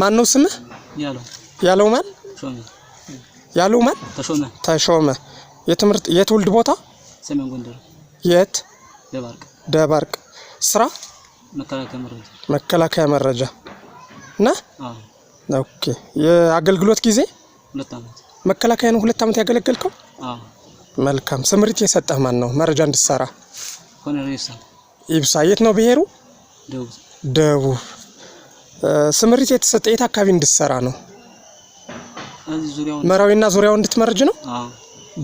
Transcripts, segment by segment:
ማን ነው ስምህ? ያለው ማን ያለው ማን? ተሾመ ተሾመ። የትምህርት የትውልድ ቦታ? ሰሜን ጎንደር። የት? ደባርቅ ደባርቅ። ስራ? መከላከያ መረጃ እና ኦኬ። የአገልግሎት ጊዜ መከላከያ ነው። ሁለት ዓመት ያገለገልከው። መልካም። ስምሪት የሰጠህ ማን ነው? መረጃ እንድትሰራ ኢብሳ። የት ነው ብሄሩ? ደቡብ ስምሪት የተሰጠ የት አካባቢ እንድትሰራ ነው? መራዊና ዙሪያው እንድትመረጅ ነው።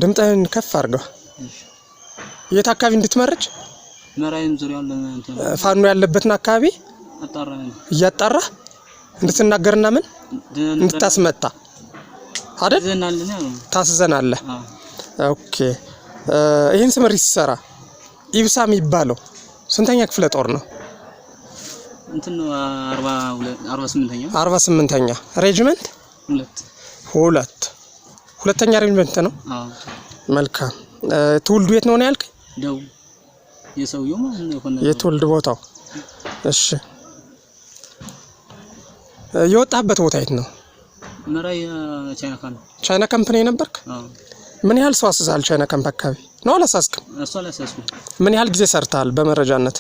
ድምጥህን ከፍ አድርገው። የት አካባቢ እንድትመርጅ? ፋኖ ያለበትን አካባቢ እያጣራ እንድትናገርና ምን እንድታስመጣ አይደል? ታስዘናለህ። ኦኬ። ይህን ስምሪት ሲሰራ ኢብሳ የሚባለው ስንተኛ ክፍለ ጦር ነው? አርባ ሬጅመንት ሁለት ሁለተኛ ሬጅመንት ነው። መልካም ትውልዱ የት ነው ያልክ? ደው የሰውየው የትውልድ ቦታው እሺ። የወጣበት ቦታ የት ነው? ቻይና ካምፕ ቻይና ነው የነበርክ? ምን ያህል ሰው አስዛል? ቻይና ካምፕ አካባቢ ነው አላሳስክም? ምን ያህል ጊዜ ሰርተሃል በመረጃነት?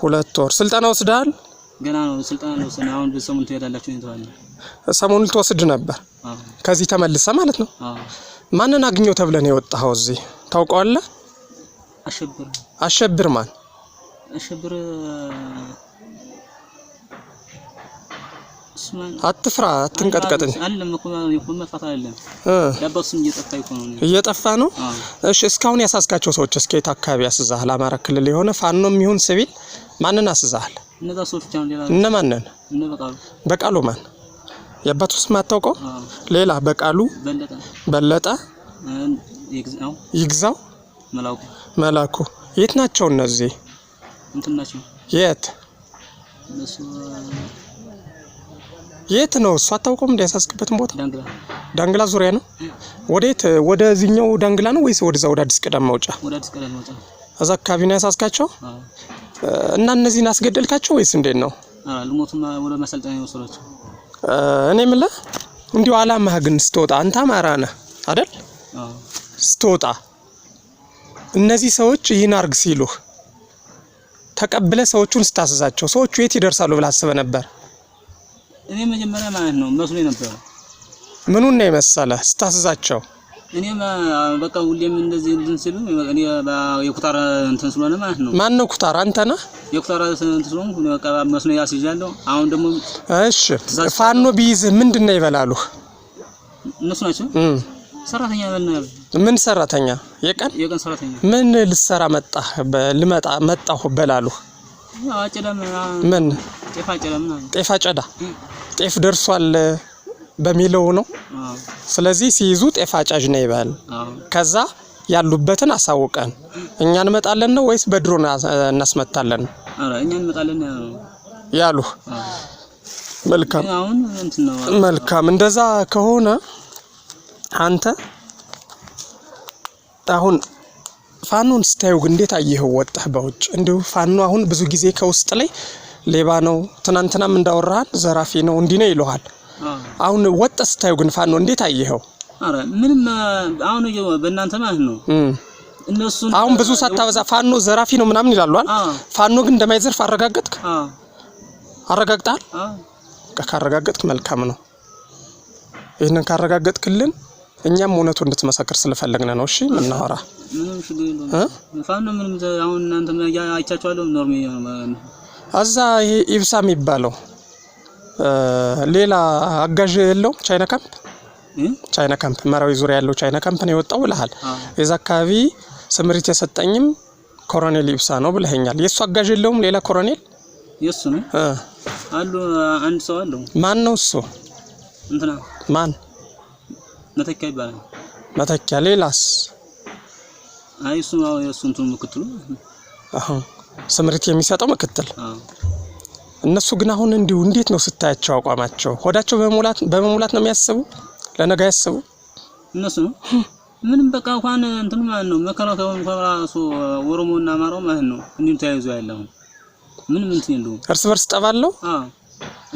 ሁለት ወር ስልጠና ወስደሃል? ገና ነው። ስልጠና ነው ሰነ አሁን በሰሙን ትሄዳላችሁ እንተዋለን። ሰሞኑን ትወስድ ነበር ከዚህ ተመልሰ ማለት ነው። ማንን አግኘው ተብለህ ነው የወጣኸው? እዚህ ታውቀዋለህ? አሸብር። አሸብር ማን? አሸብር አትፍራ፣ አትንቀጥቀጥ። እየጠፋ ነው። እሺ፣ እስካሁን ያሳዝጋቸው ሰዎች እስከ የት አካባቢ ያስዛሃል? አማራ ክልል የሆነ ፋኖም የሚሆን ሲቪል ማንን አስዛሃል? እነ ማንን? በቃሉ ማን? የአባቱ ስም አታውቀው? ሌላ በቃሉ በለጠ፣ ይግዛው፣ መላኩ የት ናቸው እነዚህ? የት የት ነው እሱ? አታውቀውም? እንዲያሳስክበትን ቦታ ዳንግላ ዙሪያ ነው። ወዴት? ወደዚህኛው ዳንግላ ነው ወይስ ወደዛ ወደ አዲስ ቀዳም ማውጫ? እዛ አካባቢ ነው ያሳስካቸው እና እነዚህን አስገደልካቸው ወይስ እንዴት ነው? እኔ የምልህ እንዲሁ አላማህ ግን ስትወጣ አንተ አማራ ነህ አይደል? ስትወጣ እነዚህ ሰዎች ይህን አርግ ሲሉህ ተቀብለ ሰዎቹን ስታስዛቸው ሰዎቹ የት ይደርሳሉ ብለህ አስበህ ነበር? እኔ መጀመሪያ ማለት ነው መስሎ የነበረው ምኑን ነው የመሰለ ስታስዛቸው እኔም በቃ ሁሌም እንደዚህ እንትን ሲሉ እኔ የኩታር እንትን ስለሆነ ማለት ነው። ማን ነው ኩታር? አንተ ነህ የኩታር እንትን ስለሆነ በቃ መስኖ ያስይዣለሁ። አሁን ደግሞ እሺ፣ ፋኖ ቢይዝህ ምንድን ነው ይበላሉ? እነሱ ናቸው ሰራተኛ በልናል። ምን ሰራተኛ? የቀን የቀን ሰራተኛ። ምን ልሰራ መጣ? ልመጣ መጣሁ በላሉ ምን ጤፍ ጨዳ ጤፍ ደርሷል በሚለው ነው። ስለዚህ ሲይዙ ጤፍ አጫጅ ነው ይባል። ከዛ ያሉበትን አሳውቀን እኛ እንመጣለን ነው ወይስ በድሮን እናስመታለን ነው? እኛ እንመጣለን ያሉ። መልካም መልካም። እንደዛ ከሆነ አንተ አሁን ፋኖን ስታዩ እንዴት አየኸው? ወጣህ በውጭ እንዲሁ ፋኖ አሁን ብዙ ጊዜ ከውስጥ ላይ ሌባ ነው፣ ትናንትናም እንዳወራን ዘራፊ ነው እንዲህ ነው ይለሃል። አሁን ወጣ ስታየው ግን ፋኖ እንዴት አየኸው? አረ ምንም አሁን በእናንተ ማለት ነው እነሱ አሁን ብዙ ሳታበዛ ፋኖ ዘራፊ ነው ምናምን ይላሉ አይደል? ፋኖ ግን እንደማይዘርፍ አረጋገጥክ? አረጋግጣል? ካረጋገጥክ መልካም ነው። ይህንን ካረጋገጥክልን እኛም እውነቱ እንድትመሰክር ስለፈለግነ ነው። እሺ የምናወራ እዛ ይሄ ኢብሳ የሚባለው ሌላ አጋዥ የለውም ቻይና ካምፕ ቻይና ካምፕ መራዊ ዙሪያ ያለው ቻይና ካምፕ ነው የወጣው ብለሃል። የዛ አካባቢ ስምሪት የሰጠኝም ኮሎኔል ኢብሳ ነው ብለኸኛል። የእሱ አጋዥ የለውም ሌላ ኮሎኔል የሱ ነው አሉ። አንድ ሰው አለው። ማን ነው እሱ? ማን መተኪያ ይባላል። መተኪያ ሌላስ? አይ እሱ ነው የሱንቱ ምክትሉ። አሁን ስምሪት የሚሰጠው ምክትል። እነሱ ግን አሁን እንዲሁ እንዴት ነው ስታያቸው አቋማቸው? ሆዳቸው በመሙላት በመሙላት ነው የሚያስቡ፣ ለነገ ያስቡ እነሱ ምንም በቃ እንኳን እንትን ማለት ነው መከላከያው እንኳን ራሱ ኦሮሞና አማራው ማለት ነው እንዲሁ ተያይዞ ያለው ምንም እንትን የለውም። እርስ በርስ ጠባለው። አዎ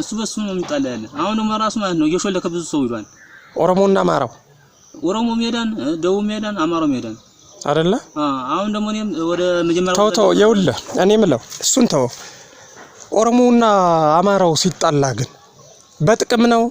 እሱ በሱ ነው የሚጣላ ያለ። አሁን ደግሞ ራሱ ማለት ነው እየሾለከ ብዙ ሰው ይሏል። ኦሮሞና አማራው ኦሮሞ ሜዳን፣ ደቡብ ሜዳን፣ አማራው ሜዳን አይደለ? አሁን ደግሞ እኔም ወደ መጀመሪያ ተው ተው፣ ይኸውልህ እኔ የምለው እሱን ተው። ኦሮሞና አማራው ሲጣላ ግን በጥቅም ነው